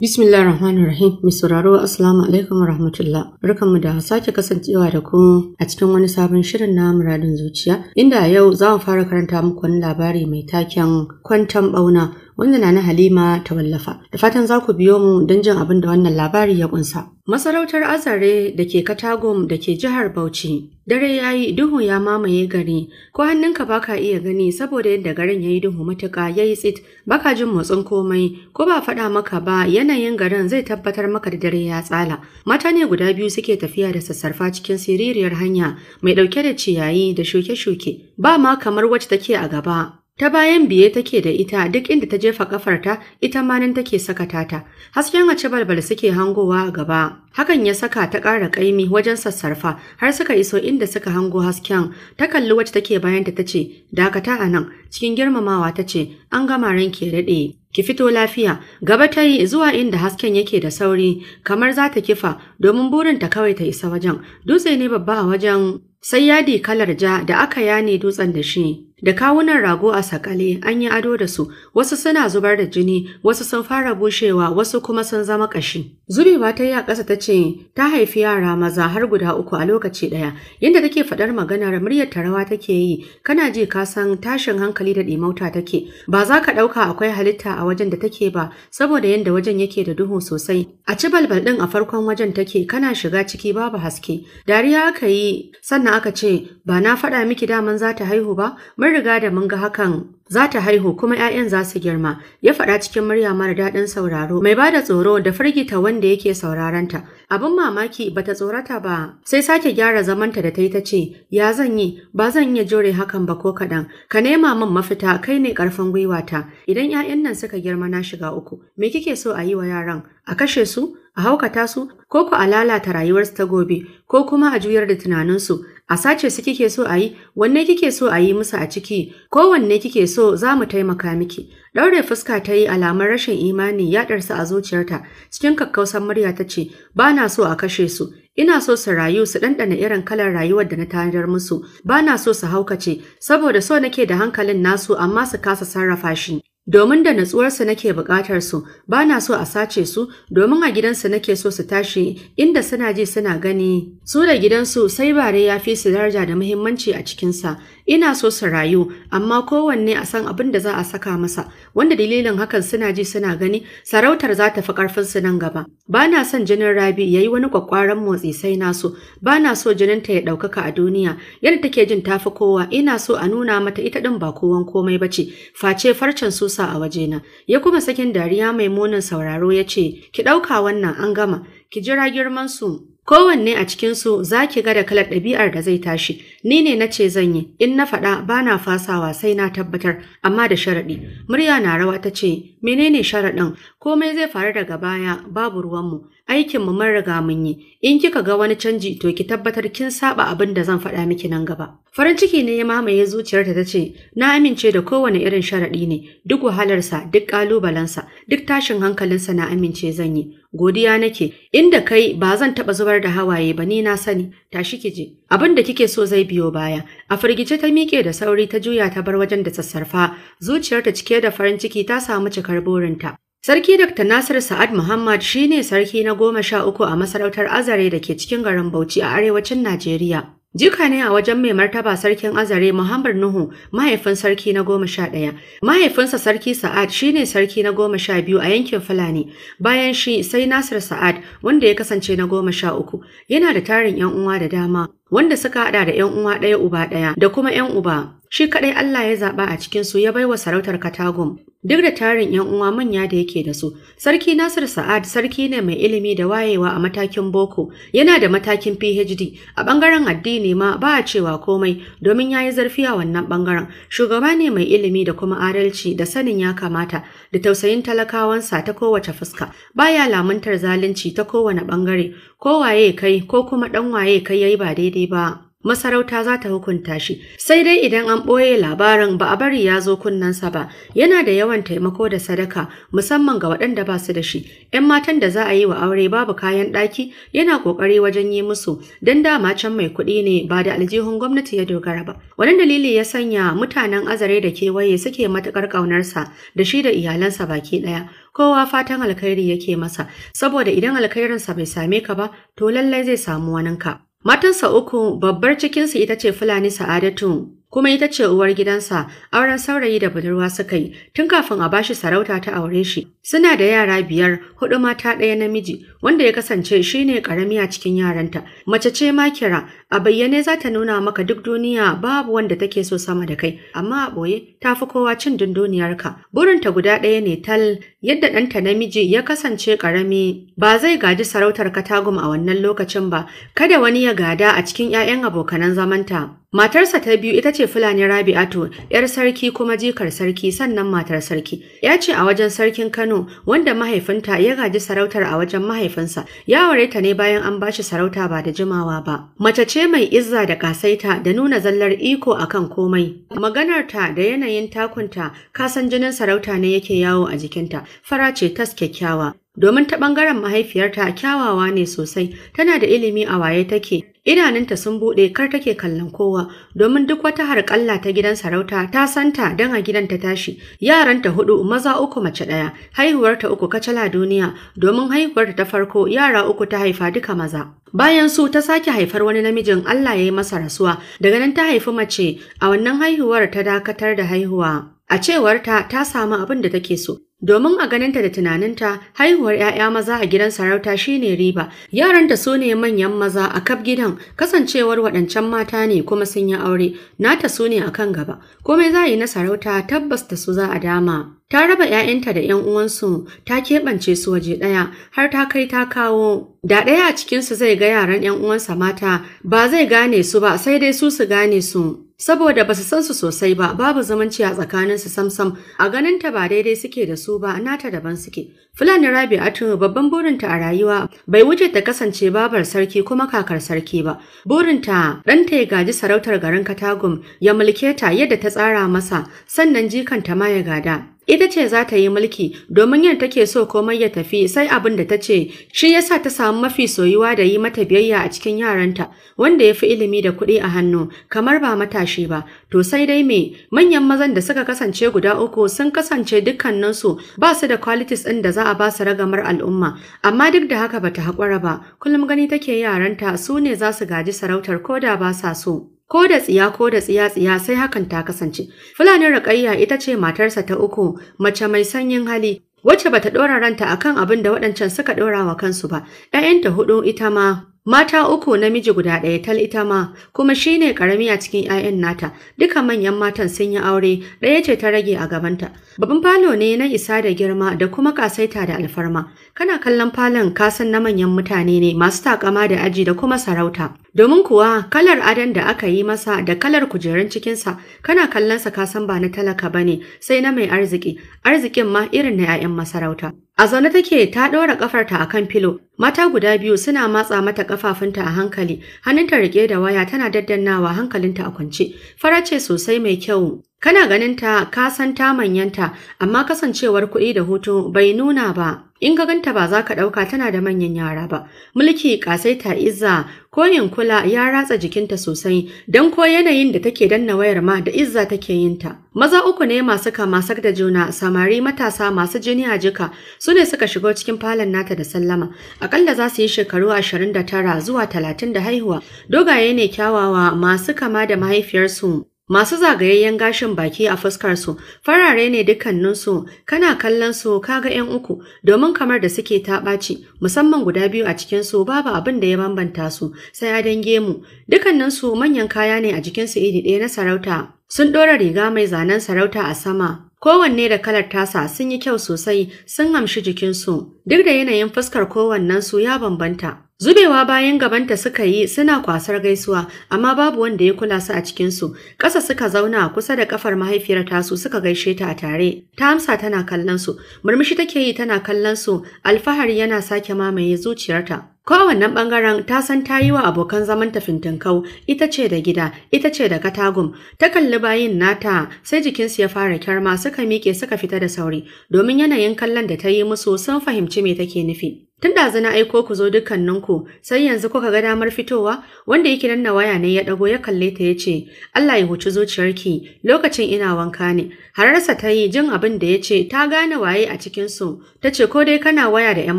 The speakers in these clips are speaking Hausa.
Bismillah ar Rahim, mai sauraro Assalamu alaikum rahmatullah. mu da sake kasancewa da ku a cikin wani sabon shirin na muradin zuciya, inda a yau za mu fara karanta muku wani labari mai taken kwantan bauna wanda na Halima ta wallafa. Da fatan za ku biyo mu don jin abin da wannan labari ya kunsa. Masarautar Azare da ke Katagum da ke jihar Bauchi Dare ya yi duhu ya mamaye gari, ko hannunka ba ka iya gani saboda yadda garin ya yi duhu matuka, ya yi tsit, ba ka jin motsin komai, ko ba faɗa maka ba yanayin garin zai tabbatar maka da dare ya tsala. Mata ne guda biyu suke tafiya da sassarfa cikin siririyar hanya mai ɗauke da ciyayi da shuke-shuke, ba ma kamar wacce take a gaba. ta bayan biye take da ita duk inda ta jefa kafarta ita ma nan take saka tata hasken wace balbal suke hangowa a gaba hakan ya saka ta ƙara ƙaimi wajen sassarfa har suka iso inda suka hango hasken ta kalli wacce take bayan ta tace dakata a nan cikin girmamawa ta ce an gama ranki ya daɗe ki fito lafiya gaba ta yi zuwa inda hasken yake da sauri kamar za ta kifa domin burin ta kawai ta isa wajen dutse ne babba a wajen sai yadi kalar ja da aka yane dutsen da shi Da kawunan rago a sakale an yi ado da su, wasu suna zubar da jini, wasu sun fara bushewa, wasu kuma sun zama ƙashi. ba ta yi a ƙasa ta ce ta haifi yara maza har guda uku a lokaci ɗaya. Yadda take faɗar maganar muryar tarawa take yi, kana ji ka san tashin hankali da ɗimauta take. Ba za ka ɗauka akwai halitta a wajen da take ba, saboda yadda wajen yake da duhu sosai. A ci balbal ɗin a farkon wajen take kana shiga ciki babu haske. Dariya aka yi, sannan aka ce ba na faɗa miki daman za ta haihu ba, Mun riga da mun ga hakan za ta haihu kuma 'ya'yan za su girma, ya faɗa cikin murya mara daɗin sauraro, mai ba da tsoro da firgita wanda yake sauraranta. Abin mamaki ba ta tsorata ba, sai sake gyara zamanta da ta yi ta ce, ya zan yi, ba zan iya jure hakan ba ko kaɗan, ka nema min mafita kai ne ƙarfin gwiwata, idan 'ya'yan nan suka girma na shiga uku, me kike so a yi wa yaran, a kashe su? a haukata su ko ku a lalata rayuwarsu ta gobe ko kuma a juyar da tunaninsu a sace su kike so a yi wanne kike so a yi musu a ciki ko wanne kike so za mu taimaka miki Ɗaure fuska ta yi alamar rashin imani ya a zuciyarta cikin kakkausar murya ta ce ba na so a kashe su ina so su rayu su ɗanɗana irin kalar rayuwar da na tanadar musu ba na so su haukace saboda so nake da hankalin nasu amma su kasa sarrafa shi domin da natsuwarsa nake buƙatar su ba na so a sace su domin a gidansu nake so su tashi inda suna ji suna gani su da gidansu sai bare ya fi su daraja da muhimmanci a cikinsa ina so su rayu amma kowanne a san abin da za a saka masa wanda dalilin hakan suna ji suna gani sarautar za ta fi karfin su nan gaba ba na son jinin rabi ya yi wani kwakwaran motsi sai na so ba na so jinin ta ya ɗaukaka a duniya yadda take jin tafi kowa ina so a nuna mata ita ɗin ba kowan komai ba ce face farcen susa a wajena ya kuma sakin dariya mai munin sauraro ya ce ki ɗauka wannan an gama ki jira girman su Kowanne a cikinsu za ki ga da kalar ɗabi'ar da zai tashi, ni ne na ce zan yi, in na faɗa ba na fasawa sai na tabbatar, amma da sharaɗi. Murya na rawa ta ce, menene sharaɗin, komai zai faru daga baya babu ruwanmu, aikinmu mun riga mun yi, in kika ga wani canji to ki tabbatar kin saba abin da zan faɗa miki nan gaba. Farin ciki ne ya mamaye zuciyarta ta ce, na amince da kowane irin sharaɗi ne, duk wahalarsa, duk ƙalubalensa, duk tashin hankalinsa na amince zan yi. godiya nake inda kai ba zan taba zubar da hawaye ba ni na sani tashi ki je abin da kike so zai biyo baya a firgice ta miƙe da sauri ta juya ta bar wajen da sassarfa zuciyarta cike da farin ciki ta samu cikar burinta Sarki Dr. Nasir Sa'ad Muhammad shine sarki na goma sha uku a masarautar Azare da ke cikin garin Bauchi a arewacin Najeriya. Jika ne a wajen mai martaba sarkin Azare Muhammad Nuhu mahaifin sarki na goma sha ɗaya. Mahaifinsa sarki Sa'ad shi ne sarki na goma sha biyu a yankin Fulani. Bayan shi sai Nasir Sa'ad wanda ya kasance na goma sha uku. Yana da tarin ‘yan uwa da dama wanda suka hada da ‘yan uwa ɗaya uba ɗaya da kuma ‘yan uba. Shi kaɗai Allah ya zaɓa a cikin su ya baiwa sarautar Katagum. Duk da tarin ‘yan uwa manya da yake da su, Sarki Nasir Sa'ad sarki ne mai ilimi da wayewa a matakin boko, yana da matakin PhD, a bangaren addini ma ba a cewa komai domin ya yi zarfi a wannan ɓangaren. Shugaba ne mai ilimi da kuma adalci da sanin ya kamata da tausayin talakawansa ta kowace fuska, baya lamuntar zalunci ta kowane bangare ko waye kai ko kuma ɗan waye kai yayi ba daidai daidai ba. Masarauta za ta hukunta shi, sai dai idan an ɓoye labarin ba a bari ya zo kunnensa ba, yana da yawan taimako da sadaka musamman ga waɗanda ba su da shi, ‘yan matan da za a yi wa aure babu kayan ɗaki yana ƙoƙari wajen yi musu, don dama can mai kuɗi ne ba da aljihun gwamnati ya dogara ba. Wani dalili ya sanya mutanen azare da kewaye suke matuƙar ƙaunarsa da shi da iyalansa baki ɗaya. kowa fatan alkhairi yake masa saboda idan alkhairinsa bai same ka ba to lallai zai samu waninka Matansa uku babbar cikinsu ita ce Fulani Sa'adatu kuma ita ce uwar gidansa auren saurayi da budurwa suka yi tun kafin a bashi sarauta ta aure shi suna da yara biyar hudu mata ɗaya namiji wanda ya kasance shine karami a cikin yaranta mace ce ma kira a bayyane za ta nuna maka duk duniya babu wanda take so sama da kai amma a ɓoye ta fi kowa cin dunduniyarka burinta guda ɗaya ne tal yadda ɗanta namiji ya kasance karami ba zai gaji sarautar katagum a wannan lokacin ba kada wani ya gada a cikin 'ya'yan abokanan zamanta Matarsa ta biyu ita ce Fulani Rabi'atu, ‘yar sarki kuma jikar sarki sannan matar sarki. Ya ce a wajen sarkin Kano, wanda mahaifinta ya gaji sarautar a wajen mahaifinsa, ya aure ta ne bayan an bashi sarauta ba da jimawa ba. Mace ce mai izza da kasaita da nuna zallar iko akan komai. Maganarta da yanayin takunta, kasan jinin sarauta ne yake yawo a jikinta, fara ce tas kyakkyawa. domin ta bangaren mahaifiyarta kyawawa ne sosai tana da ilimi a waye take idanunta sun buɗe kar take kallon kowa domin duk wata harƙalla ta gidan sarauta ta santa dan a gidan ta tashi yaranta hudu maza uku mace ɗaya haihuwarta uku kacala duniya domin haihuwarta ta farko yara uku ta haifa duka maza bayan su ta sake haifar wani namijin Allah ya yi masa rasuwa daga nan ta haifi mace a wannan haihuwar ta dakatar da haihuwa a cewarta ta samu abin da take so Domin a ganinta da tunaninta, haihuwar ‘ya'ya maza a gidan sarauta shine riba, yaranta su ne manyan maza a kaf gidan, kasancewar waɗancan mata ne kuma sun yi aure, nata su ne a kan gaba, komai za yi na sarauta tabbas da su za a dama. Ta raba ‘ya'yanta da ‘yan uwansu, ta keɓance su waje ɗaya, har ta kai ta kawo. Da ɗaya a cikinsu zai ga yaran ‘yan uwansa mata, ba zai gane su ba, sai dai su su gane su. Saboda ba su san su sosai ba, babu zamanci a tsakaninsu samsam, a ganinta ba daidai suke da su ba, nata daban suke. Fulani Rabi Rabi'atu babban burinta a rayuwa bai wuce ta kasance babar sarki kuma kakar sarki ba. Burinta ɗanta ya gaji sarautar garin Katagum ya mulke ta yadda ta tsara masa, sannan jikanta ma ya gada. Ita ce za ta yi mulki domin yin take so komai ya tafi sai abin da ta ce shi sa ta samu mafi soyuwa da yi mata biyayya a cikin yaranta wanda ya fi ilimi da kuɗi a hannu kamar ba matashi ba to sai dai me manyan mazan da suka kasance guda uku sun kasance dukkaninsu ba su da qualities ɗin da za a ba su ragamar al'umma amma duk da haka ba ta haƙura ba kullum gani take yaranta su ne za su gaji sarautar ko da ba sa so. Ko da tsiya ko da tsiya tsiya sai hakan ta kasance. Fulani Raƙayya ita ce matarsa ta uku, mace mai sanyin hali, wacce bata ɗora ranta akan abin da waɗancan suka ɗora wa kansu ba. ‘Ya'yanta hudu ita ma Mata uku namiji guda ɗaya tal ita ma, kuma shi ne ƙarami a cikin 'ya'yan nata, duka manyan matan sun yi aure ɗaya ce ta rage a gabanta. Babban falo ne na isa da girma da kuma ƙasaita da alfarma. Kana kallon falon kasan na manyan mutane ne masu takama da aji da kuma sarauta. Domin kuwa kalar adon da aka yi masa da kalar kujerun cikinsa, kana kallonsa kasan ba na talaka ba ne sai na mai arziki, arzikin ma irin na 'ya'yan masarauta. A zaune take ta ɗora ƙafarta a kan filo, mata guda biyu suna matsa mata ƙafafunta a hankali, hannunta riƙe da waya tana daddannawa hankalinta a kwance, farace sosai mai kyau Kana ganin ta ka san ta manyanta amma kasancewar kuɗi da hutu bai nuna ba. In ka ganta ba za ka ɗauka tana da manyan yara ba. Mulki ƙasai, ta Izza ko kula ya ratsa jikinta sosai don ko yanayin da take danna wayar ma da Izza take yin ta. Maza uku ne masu kamasak da juna samari matasa masu jini a jika su ne suka shigo cikin falon nata da sallama. Akalla za su yi shekaru ashirin da tara zuwa talatin da haihuwa. Dogaye ne kyawawa masu kama da mahaifiyarsu Masu zagayayyen gashin baki a fuskarsu farare ne dukkaninsu kana kallon su kaga ‘yan uku domin kamar da suke taɓaci musamman guda biyu a cikinsu babu abin da ya bambanta su sai a dange mu dukkaninsu manyan kaya ne a jikinsu iri ɗaya na sarauta sun ɗora riga mai zanen sarauta a sama Kowanne da kalar tasa sun yi kyau sosai sun amshi jikinsu, duk da yanayin fuskar kowannensu ya bambanta. Zubewa bayan gabanta suka yi suna kwasar gaisuwa, amma babu wanda ya kula su a cikinsu. Ƙasa suka zauna kusa da ƙafar mahaifiyar tasu suka gaishe ta a tare. Ta amsa tana kallonsu murmushi take yi tana kallon su, alfahari yana sake mamaye zuciyarta. Kowannen ɓangaren ta san ta yi wa abokan zaman tafintinkau, ita ce da gida, ita ce da katagum, ta kalli bayin nata sai jikinsu ya fara kyarma suka miƙe suka fita da sauri, domin yanayin kallon da ta yi musu sun fahimci me take nufi. Tun da zana aiko ku zo dukkaninku. sai yanzu kuka ga damar fitowa, wanda yake nan na waya ne ya ɗago ya kalle ta ya ce, Allah ya huci zuciyarki, lokacin ina wanka ne. Hararsa ta yi jin abin da ya ce, ta gane waye a cikinsu, ta ce ko dai kana waya da ‘yan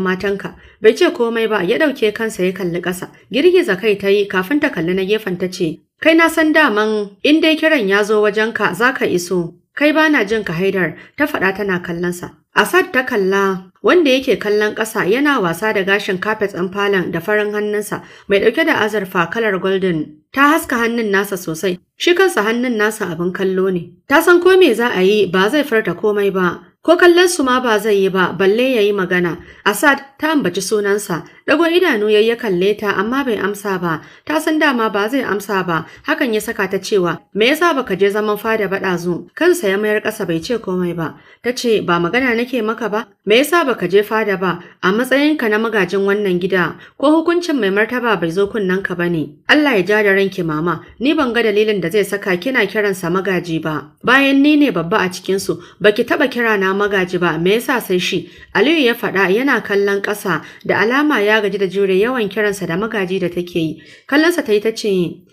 matanka, bai ce komai ba ya ɗauke kansa ya kalli ƙasa, girgiza kai ta yi kafin ta kalli na gefen ta ce, Kai na san daman in dai kiran ya zo wajenka za ka iso, Kai ba na jin ka haidar, ta faɗa tana kallonsa. Asad ta kalla wanda yake kallon ƙasa yana wasa da gashin kafet ɗin falon da farin hannunsa mai ɗauke da azurfa kalar golden ta haska hannun nasa sosai shi kansa hannun nasa abin kallo ne ta san ko me za a yi ba zai furta komai ba ko kallon su ma ba zai yi ba balle ya yi magana Asad ta ambaci sunansa Dago idanu ya ya kalle ta amma bai amsa ba, ta san dama ba zai amsa ba, hakan ya saka ta cewa, "Me yasa baka je zaman fada baɗa zu, Kansa ya mayar ƙasa bai ce komai ba. Ta ce, "Ba magana nake maka ba, me yasa baka je fada ba? A matsayinka na magajin wannan gida, ko hukuncin mai martaba bai zo ka ba ne?" Allah ya ja da ranki mama, ni ban ga dalilin da zai saka kina kiransa magaji ba. Bayan ni ne babba a cikinsu, baki taɓa kira na magaji ba, me yasa sai shi? Aliyu ya faɗa yana kallon ƙasa da alama ya gaji da jure yawan kiransa da magaji da take yi. Kallonsa ta yi ta ce,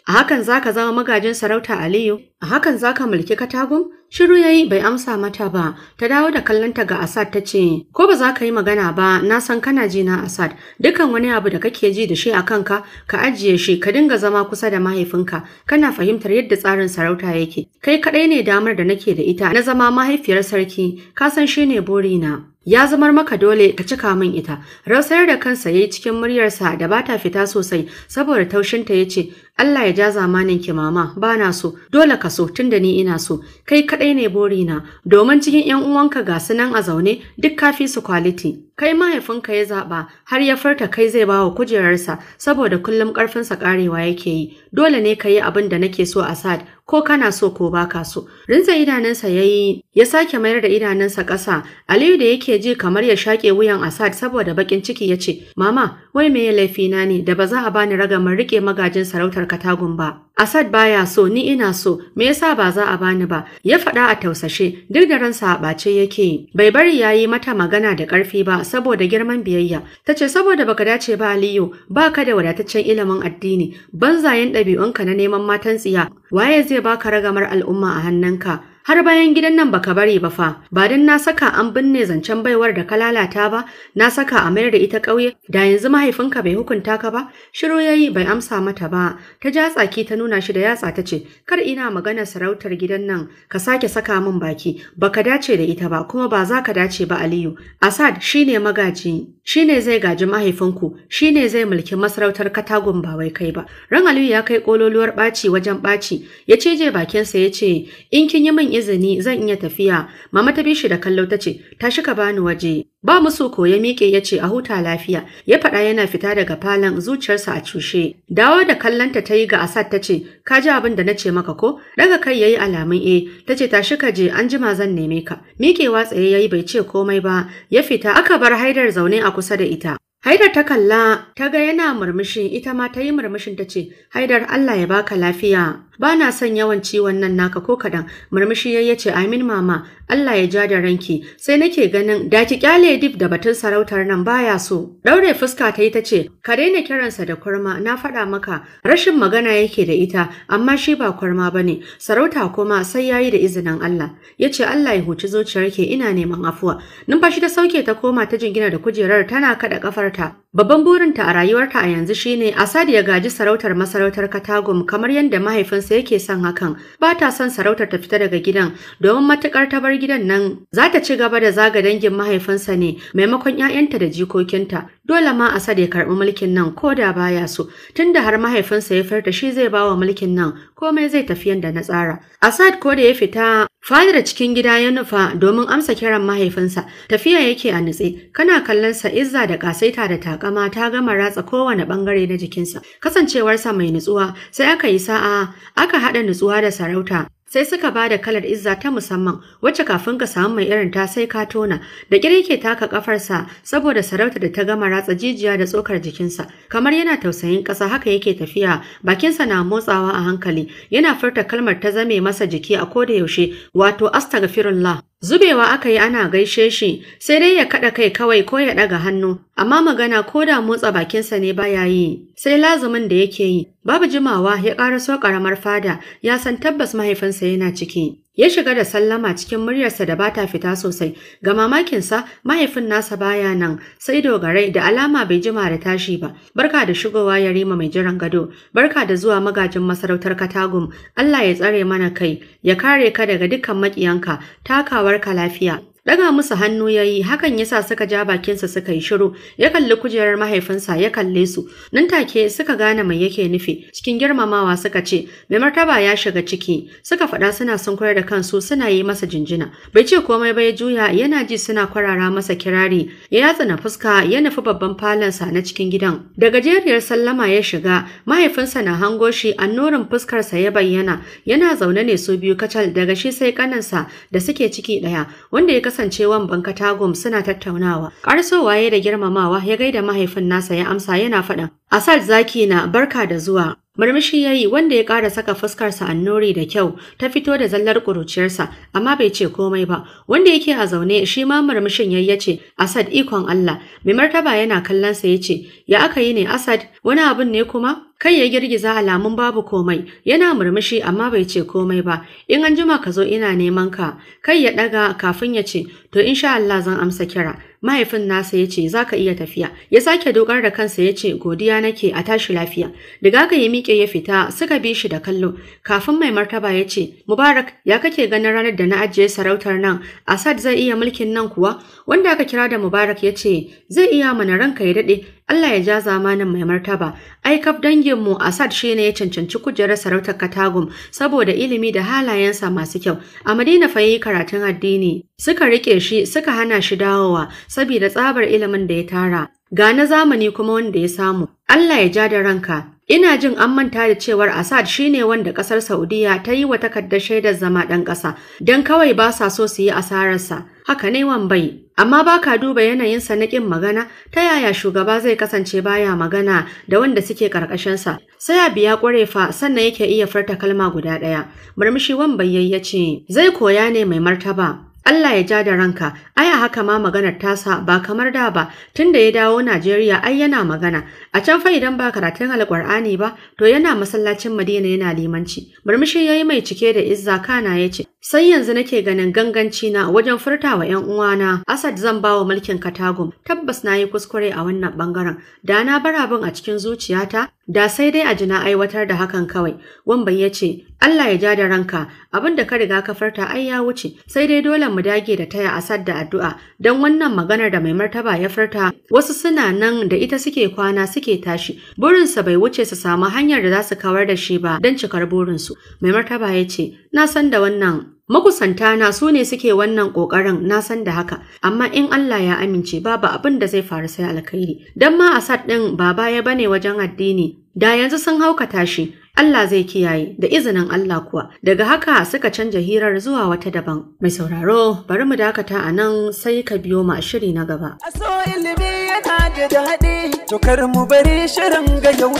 A hakan za ka zama magajin sarauta Aliyu? A hakan za ka mulki katagum? Shiru ya yi bai amsa mata ba, ta dawo da kallonta ga Asad ta ce, Ko ba za ka yi magana ba, na san kana ji na Asad, Dukkan wani abu da kake ji da shi a kanka, ka ajiye shi, ka dinga zama kusa da mahaifinka, kana fahimtar yadda tsarin sarauta yake. Kai kaɗai ne damar da nake da ita, na zama mahaifiyar sarki, ka san shi ne burina. ya zamar maka dole ka cika min ita rausayar da kansa yayi cikin muryarsa da bata fita sosai saboda taushinta yace Allah ya ja zamanin ki mama Ba na so dole ka so tunda ni ina so kai kadai ne bori na. domin cikin yan uwanka ga su nan a zaune duk kafi su quality kai mahaifinka ya zaba har ya farta kai zai bawa kujerarsa saboda kullum karfin sa karewa yake yi dole ne ka yi abin da nake so Asad ko kana so ko baka so rinza idanunsa yayi ya sake mayar da idanunsa ƙasa Aliyu da yake ji kamar ya shake wuyan Asad saboda bakin ciki yace mama wai me ya laifi na ne da ba za a bani ragamar rike magajin sarautar katagun ba. Asad baya so ni ina so me yasa ba za a bani ba ya faɗa a tausashe duk da ransa a ɓace yake bai bari yayi mata magana da ƙarfi ba saboda girman biyayya Ta ce saboda baka dace ba Aliyu ba ka da wadataccen ilimin addini banzayen ɗabi'unka na neman matan tsiya waye zai baka ragamar al'umma a hannunka har bayan gidan nan baka bari ba fa ba dan na saka an binne zancen baiwar da ka lalata ba na saka a mayar da ita ƙauye da yanzu mahaifinka bai hukunta ka ba shiru yayi bai amsa mata ba ta ja tsaki ta nuna shi da yatsa ta ce kar ina magana sarautar gidan nan ka sake saka min baki baka dace da ita ba kuma ba za ka dace ba Aliyu Asad shine magaji shine zai gaji mahaifinku shine zai mulki masarautar Katagun ba wai kai ba ran Aliyu ya kai kololuwar baci wajen baci ya cije bakinsa ya ce in kin yi min izini zan iya tafiya mama ta bi shi da kallo ta ce shi ka bani waje ba musu ko ya miƙe ya ce a huta lafiya ya faɗa yana fita daga falon zuciyarsa a cushe dawo da kallonta ta yi ga asad ta ce ka ji abin da na ce maka ko daga kai yayi alamun e ta ce shi ka je an jima zan neme ka miƙewa tsaye yayi bai ce komai ba ya fita aka bar haidar zaune a kusa da ita Haidar ta kalla ta ga yana murmushi ita ma ta yi murmushin ta ce Haidar Allah ya baka lafiya ba na son yawan ciwon nan naka ko kadan murmushi yayyace, ce amin mama Allah ya ja da ranki sai nake ganin da ki kyale dib da batun sarautar nan baya so daure fuska ta yi ta ce ka daina kiransa da kurma na faɗa maka rashin magana yake da ita amma shi ba kurma ne. sarauta kuma sai yayi da izinin Allah yace Allah ya huci zuciyarki ina neman afuwa numfashi ta sauke ta koma ta jingina da kujerar tana kada kafarta Babban burinta a rayuwarta a yanzu shine Asad ya gaji sarautar masarautar Katagum kamar yadda mahaifinsa yake son hakan. Ba ta son sarautar ta fita daga gidan domin matukar ta bar gidan nan za ta ci gaba da zaga dangin mahaifinsa ne maimakon 'ya'yanta da jikokinta. Dole ma Asad ya karɓi mulkin nan ko da baya so. Tunda har mahaifinsa ya furta shi zai bawa mulkin nan komai zai tafi yadda na tsara. Asad ko da ya fita Fadar cikin gida ya nufa domin amsa kiran mahaifinsa, tafiya yake a nutse, kana kallon sa izza da kasaita da takama ta gama ratsa kowane ɓangare na jikinsa. Kasancewarsa mai nutsuwa, sai aka yi sa'a, aka haɗa nutsuwa da sarauta, sai suka ba da kalar izza ta musamman wacce kafin ka samu mai irin ta sai ka tona da kire yake taka kafarsa saboda sarauta da ta gama ratsa jijiya da tsokar jikinsa kamar yana tausayin ƙasa haka yake tafiya bakinsa na motsawa a hankali yana furta kalmar ta zame masa jiki a koda yaushe wato astaghfirullah Zubewa aka yi ana gaishe shi, sai dai ya kaɗa kai kawai ko ya ɗaga hannu, amma magana ko da motsa bakinsa ne ba ya yi, sai lazumin da yake yi. Babu jimawa ya ƙaraso ƙaramar fada, ya san tabbas mahaifinsa yana ciki. Ya shiga da sallama cikin muryarsa da bata fita sosai, ga mamakinsa mahaifin nasa baya nan sai dogarai da alama bai jima da tashi ba. Barka da shigowa yarima mai jiran gado, barka da zuwa magajin masarautar Katagum, Allah ya tsare mana kai, ya kare ka daga dukkan makiyanka takawarka lafiya. Daga musu hannu yayi hakan yasa suka ja bakinsa suka yi shiru, ya kalli kujerar mahaifinsa ya kalle su. Nan take suka gane mai yake nufi, cikin girmamawa suka ce, mai martaba ya shiga ciki, suka faɗa suna sun koyar da kansu suna yi masa jinjina. Bai ce komai ba ya juya yana ji suna kwarara masa kirari, ya yatsa na fuska ya nufi babban falonsa na cikin gidan. Da gajeriyar sallama ya shiga, mahaifinsa na hango shi annorin fuskarsa ya bayyana, yana zaune ne su biyu kacal daga shi sai kanansa da suke ciki ɗaya, wanda ya kasancewan banka tagum suna tattaunawa. Karsowa waye da girmamawa ya gaida mahaifin nasa ya amsa yana faɗan. Asad zaki na barka da zuwa. Murmushi ya yi wanda ya ƙara saka fuskarsa annori da kyau ta fito da zallar ƙuruciyarsa amma bai ce komai ba wanda yake a zaune shi ma murmushin ya ce Asad ikon Allah mai martaba yana kallonsa ya ce ya aka yi ne Asad wani abun ne kuma Kai ya girgiza alamun babu komai, yana murmushi amma bai ce komai ba, in anjima ka zo ina neman ka, kai ya ɗaga kafin ya ce, to sha Allah zan amsa kira. Mahaifin nasa ya ce, za ka iya tafiya, ya sake dokar da kansa ya ce, godiya nake a tashi lafiya. Daga ka ya miƙe ya fita suka bi shi da kallo, kafin mai martaba ya ce, Mubarak, ya kake ganin ranar da na ajiye sarautar nan, Asad zai iya mulkin nan kuwa? Wanda aka kira da Mubarak ya ce, zai iya mana ranka ya daɗe, Allah ya ja zamanin mai martaba. Aikaf danginmu Asad shi ne ya cancanci kujerar sarautar Katagum saboda ilimi da halayensa masu kyau. A Madina fa yi karatun addini. Suka riƙe shi suka hana shi dawowa saboda tsabar ilimin da ya tara. ga na zamani kuma wanda ya samu. Allah ya ja da ranka. Ina jin an manta da cewar Assad shine wanda kasar Saudiya ta yi wa takardar shaidar zama ɗan ƙasa don kawai ba sa so su yi asararsa. Haka ne wambai. Amma ba ka duba yanayinsa na ƙin magana, ta yaya shugaba zai kasance baya magana da wanda suke ƙarƙashinsa. Sai ya ƙware fa sannan yake iya furta kalma guda ɗaya. Murmushi wambai ya ce, zai koya ne mai martaba. Allah ya ja da ranka, ai a haka ma maganar tasa ba kamar da ba, tun da ya dawo Najeriya ai yana magana, a can fa idan ba karatun alƙur'ani ba, to yana masallacin Madina yana limanci. Murmushi ya yi mai cike da izza kana ya ce, Sai yanzu nake ganin ganganci na wajen furtawa ‘yan uwana, Asad zan bawa mulkin Katagum, tabbas na yi kuskure a wannan bangaren da na bar abin a cikin zuciyata, da sai dai a ji na aiwatar da hakan kawai. Wambai ya ce, Allah ya ja da ranka, abin da ka riga ka farta ai ya wuce, sai dai dole mu dage da taya Asad da addu'a, don wannan maganar da mai martaba ya farta, wasu suna nan da ita suke kwana suke tashi, burinsa bai wuce su samu hanyar da za su kawar da shi ba don cikar burinsu. Mai martaba ya ce, Na san da wannan makusanta na su ne suke wannan ƙoƙarin na san da haka, amma in Allah ya amince babu abin da zai faru sai alkhairi. Don ma Asad ɗin ba baya bane wajen addini, da yanzu sun haukata shi, Allah zai kiyaye da izinin Allah kuwa. Daga haka suka canja hirar zuwa wata daban. Mai sauraro bari mu dakata a nan sai ka biyo mu a shiri na gaba. Aso ilimi yana da daɗi, to kar mu bari shirin ga mu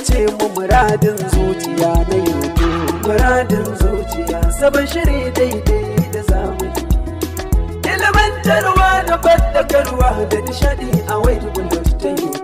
muradin zuciya na yau. muradin zuciya sabon shiri daidai da zamani Ilmantarwa da fadakarwa da nishadi a wai tukunan ta yi